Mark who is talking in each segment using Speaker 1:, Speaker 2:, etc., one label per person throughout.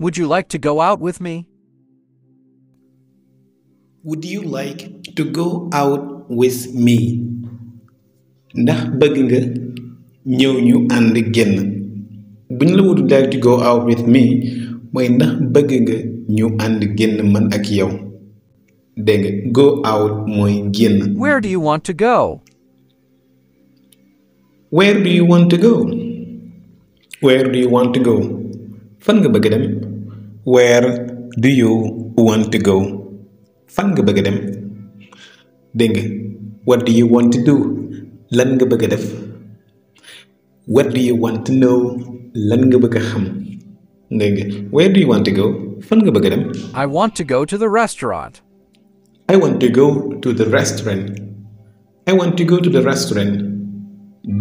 Speaker 1: Would you like to go out with you
Speaker 2: like to go ndax bëgg nga ñëw ñu ànd génn bu ñu la would like to ñu ànd génn man ak yow dégg nga go out mooy génn. Where do you want to go? Where do you want to go? Where do you want to go? fan nga bëgg dem. Where do you want to go fan nga bëgg a dem dégg nga what do you want nga bëgg def what do you want to lan nga bëgg a nga where do want to fan nga bëgg dem. I want to go to the restaurant. I want to go to the restaurant.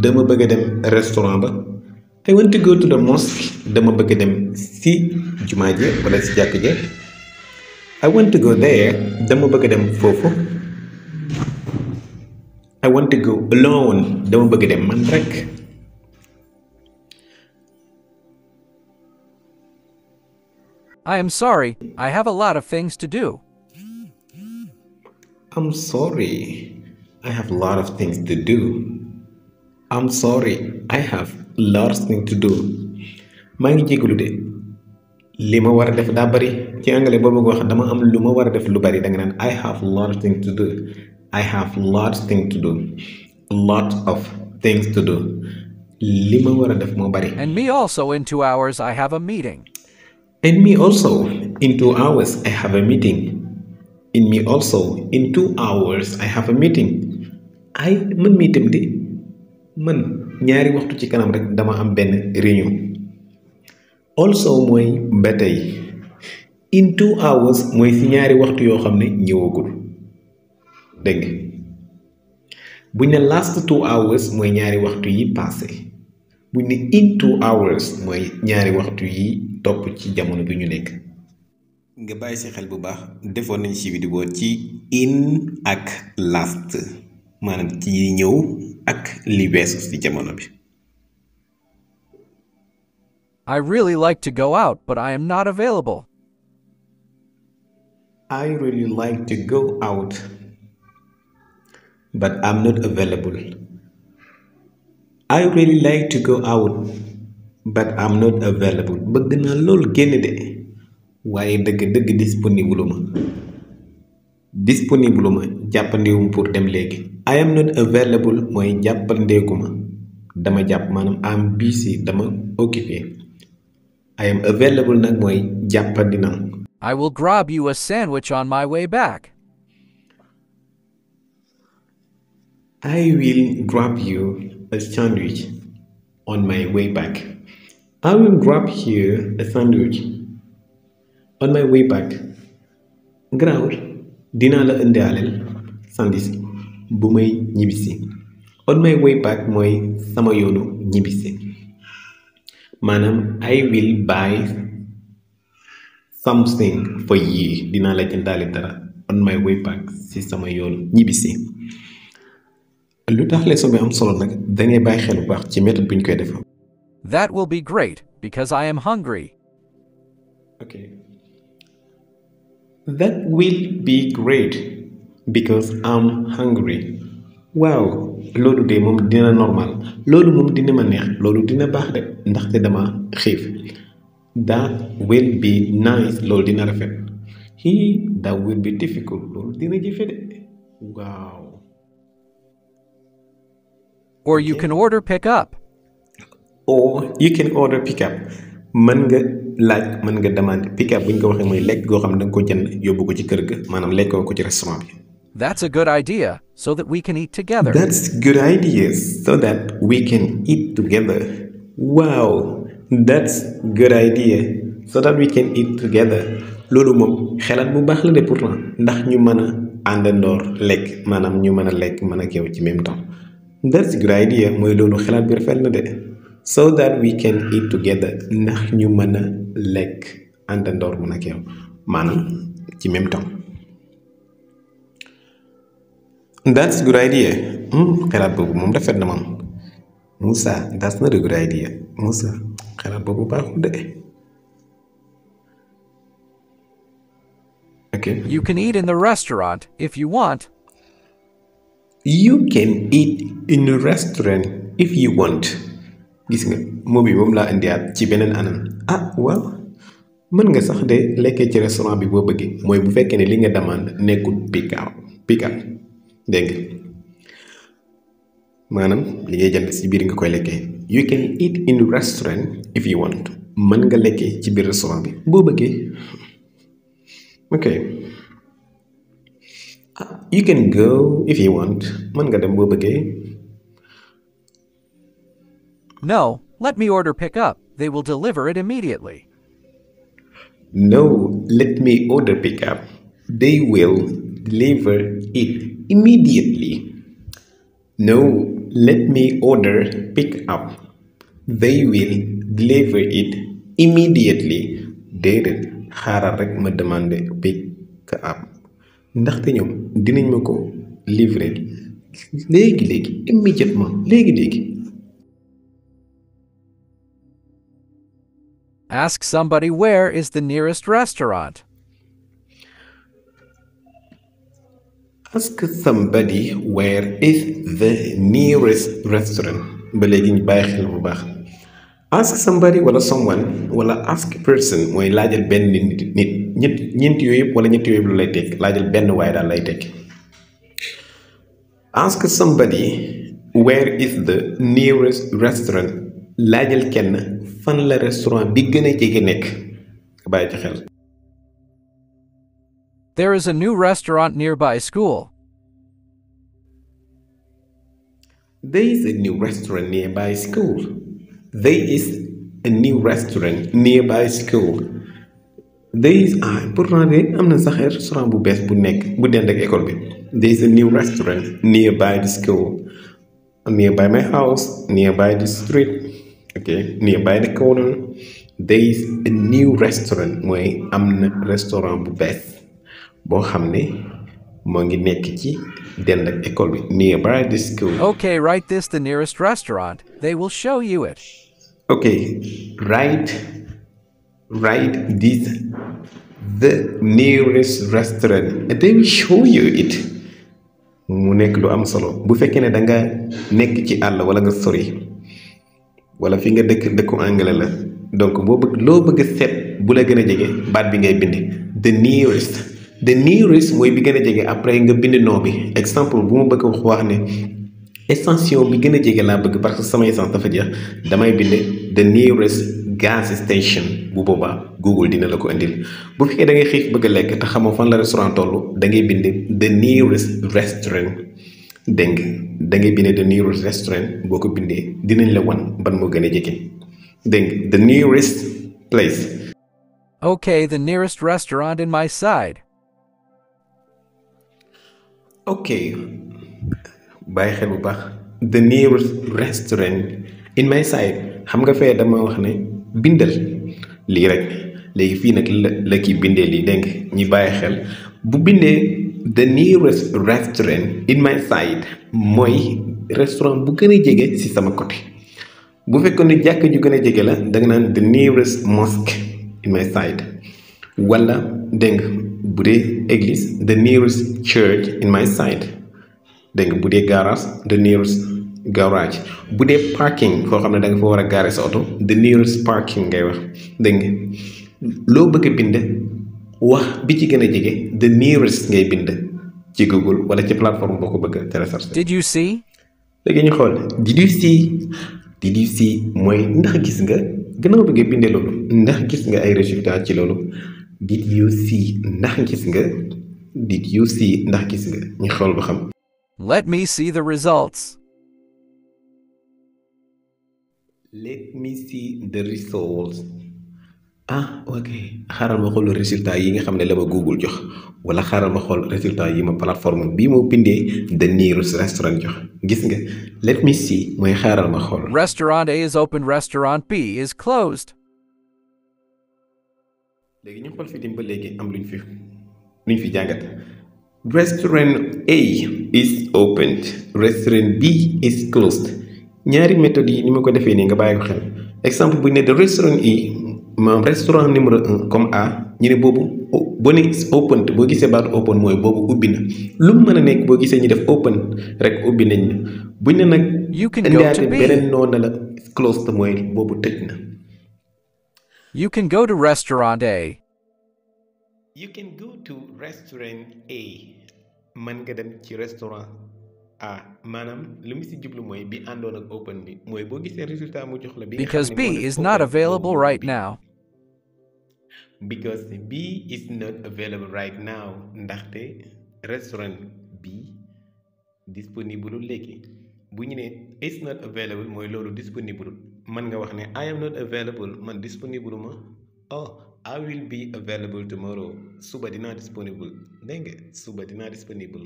Speaker 2: dama bëgg a dem restaurant ba. I want to go to the mosque dama bëgg dem si jumaa je si jàkk I want to go there dama bëgg dem foofu I want to go alone dama bëgg dem man rek
Speaker 1: I am sorry I have a lot of things to do
Speaker 2: I'm sorry I have a lot of things to do am sorry I have lots thing to do maa ngi jégalu de li ma war a def daa bari ci anglais boobu nga wax dama am lu ma war a def lu bari danga naan I have lots thing to do I have lots thing to do lot of things to do li ma war a def moo bari.
Speaker 1: And me also in two hours I have a meeting.
Speaker 2: And me also in two hours I have a meeting. In me also in two hours I have a meeting. ay man mii itam man ñaari waxtu ci kanam rek dama am benn réunion also mooy ba tey in two hours mooy si ñaari waxtu yoo xam ne ñëwagul dégg buñ ne last two hours mooy ñaari waxtu yi passé buñ ne in two hours mooy ñaari waxtu yi topp ci jamono bi ñu nekk nga bàyyi si xel bu baax defoon nañ si vidéo ci in ak last maanaam ci ñëw ak jamono bi.
Speaker 1: I really like to go out, but I am not available.
Speaker 2: I really like to go out, but I really not available. bëgg naa loolu génn de waaye dëgg dëgg disponible disponible ma jàppandiwum pour dem léegi I am available mooy jàppandeeku ma dama jàpp maanaam am busy dama occupé I available nag mooy jàppandi
Speaker 1: I will grab you a sandwich on my way back
Speaker 2: dinaa la indaaleel bu may ñibbisi on my way back mooy sama yoonu ñibbisi maanaam I will buy something for you dinaa la jëndaale dara on my way back si sama yoonu ñibbisi lu tax leçon bi am solo nag dangay bàyyi xel baax ci méthode buñ koy defam
Speaker 1: That will be great because I am hungry.
Speaker 2: That will be great because I'm hungry. waaw loolu de moom dina normal loolu moom dina ma neex loolu dina baax de ndaxte dama xiif that will be nice loolu dina rafet he that will be difficult loolu dina jëfe de waaw. Or you can order pick Or you can order pick mën nga laaj mën nga demande pick up bu ñu ko waxee mooy lekk goo xam ne da nga ko jënd yóbbu ko ci kër ga maanaam lekkoo ko ci restaurant bi.
Speaker 1: That's a good idea so that we can eat together. That's good idea
Speaker 2: so that we can eat together. Wow, that's good idea so that we can eat together. loolu moom xelaat bu baax la de pourtant ndax ñu mën a àndandoor lekk maanaam ñu mën a lekk mën a géew ci même temps that's good idea mooy loolu xelaat bi rafet na de. so that we can eat together ndax ñu mën a lekk àndandoor mu nag yow maanaam ci même temps that's good idea hmm, xalaat boobu moom rafet na moom Moussa that's not a good idea Moussa xalaat boobu baaxul de
Speaker 1: you can eat in the restaurant if you want
Speaker 2: you can eat in a restaurant if you want gis nga moom bi moom laa indiwaat ci beneen anam ah waaw mën nga sax de lekkee ci restaurant bi boo bëggee mooy bu fekkee ne li nga demande nekkul pick up pick up dégg nga maanaam li ngay jënd si biir nga koy lekkee you can eat in restaurant if you want mën nga lekkee ci biir restaurant bi boo bëggee ok ah, you can go if you want mën nga dem boo bëggee.
Speaker 1: No, let me order pickup. They will deliver it immediately.
Speaker 2: No, let me order pickup. They They will deliver it immediately. déedéet xaaral rek ma demandé pick-up ndaxte ñoom dinañ ma ko livrer léegi léegi immédiatement léegi léegi.
Speaker 1: Ask somebody where is the nearest restaurant.
Speaker 2: Ask somebody where is the wala someone wala ask person mooy laajal benn nit yëpp wala ñett yooyu yëpp lu benn waaye daal lay tekk. ask somebody where is laajal kenn fan la restaurant bi gën a jege nekk bàyyi ci xel.
Speaker 1: There is a new restaurant nearby school.
Speaker 2: There is a new restaurant nearby school. There is a new restaurant ah, am na sax restaurant bu bees bu nekk bu dend ak école bi. There is a new restaurant nearby my house, nearby the street. ok nearby mooy am na restaurant bu bees boo xam ne moo ngi nekk ci dend ak école bi nearby the
Speaker 1: write this the nearest restaurant they will show
Speaker 2: you it. mu nekk lu am solo bu fekkee ne danga nekk ci àll wala nga sori. wala fi nga dëkk dëkku anglais la donc boo bëgg loo bëgg a bu la gën a jege baat bi ngay bind the nearest the nearest mooy bi gën a jege après nga bind no bi exemple bu ma bëgg wax wax ne extension bi gën a jege laa bëgg parce que sama essence dafa jeex damay bind the nearest gas station bu boobaa Google dina la ko indil bu fekkee da ngay xiif bëgg a lekk te xamoo fan la restaurant toll da ngay bind the nearest restaurant dégg nga da ngay bindee the nearest restaurant boo ko bindee dinañ la wan ban moo gën a jege dégg the nearest place.
Speaker 1: Okay, the nearest restaurant in my side.
Speaker 2: Okay. bàyyi xel bu baax the nearest restaurant in my side xam nga fee dama wax ne bindal lii rek léegi fii nag la la kii bindee lii dégg ñi bàyyi xel bu bindee. the nearest restaurant in my side mooy restaurant bu gën a jege ci sama côté bu fekkoon ne jàkka ju gën a jege la da nga naan the nearest mosque in my side wala dégg bu dee église the nearest church in my side dégg bu dee garage the nearest garage bu dee parking foo xam ne da nga fa war a gaare sa oto the nearest parking ngay wax dégg loo bëgg bind waa bi ci gën a jege the nearest ngay bind ci Google wala ci plateforme boo ko bëgg a recherche. did you see. léegi ñu xool did you see did you mooy ndax gis nga gannaaw bëgg nga bindee loolu ndax gis nga ay résultats ci loolu did you see ndax gis nga did you see ndax gis nga ñu xool ba xam.
Speaker 1: let me see the results.
Speaker 2: let me see the results. ah ok xaaral ma xool résultat yi nga xam ne la ma Google jox wala xaaral ma xool résultat yi ma plateforme bii moo bindee The Nearest Restaurant jox gis nga let me see mooy xaaral ma xool.
Speaker 1: Restaurant A is open, restaurant B is closed.
Speaker 2: léegi ñu xool fi tamit ba léegi am luñ fi luñ fi jàngat restaurant A is opened restaurant ñaari méthodes yi ni ma ko defee nii nga bàyyi ko xel exemple bu ne the restaurant A e maanaam restaurant numéro comme A ñu ne boobu ba ni open boo gisee baatu open mooy boobu ubbi na lu mu mën a nekk boo gisee ñu def open rek ubbi nañ na buñ ne nag. indiwaate beneen noo na la closed boobu tëj na. You can go to
Speaker 1: restaurant A.
Speaker 2: You can nga dem ci restaurant A maanaam lu mu si jublu mooy bi àndoon ak open bi mooy boo gisee résultat mu jox la bi. Because B is
Speaker 1: not available right now.
Speaker 2: because bi is not available right now ndaxte restaurant bi disponible léegi bu ñu ne is not available mooy loolu disponible man nga wax ne I am not available man disponible ma oh I will be available tomorrow suba dinaa disponible dégg suba dinaa disponible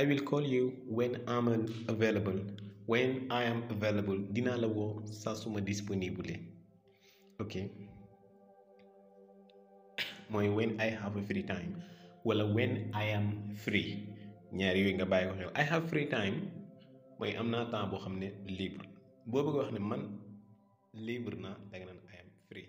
Speaker 2: I will call you when I'm available when I am available dinaa la woo saa suma disponible ok. mooy when I have a free time wala when I am free ñaar yooyu nga bàyyi ko xel I have free time mooy am naa temps boo xam ne libre boo bëgg wax ne man libre na da nga naan I am free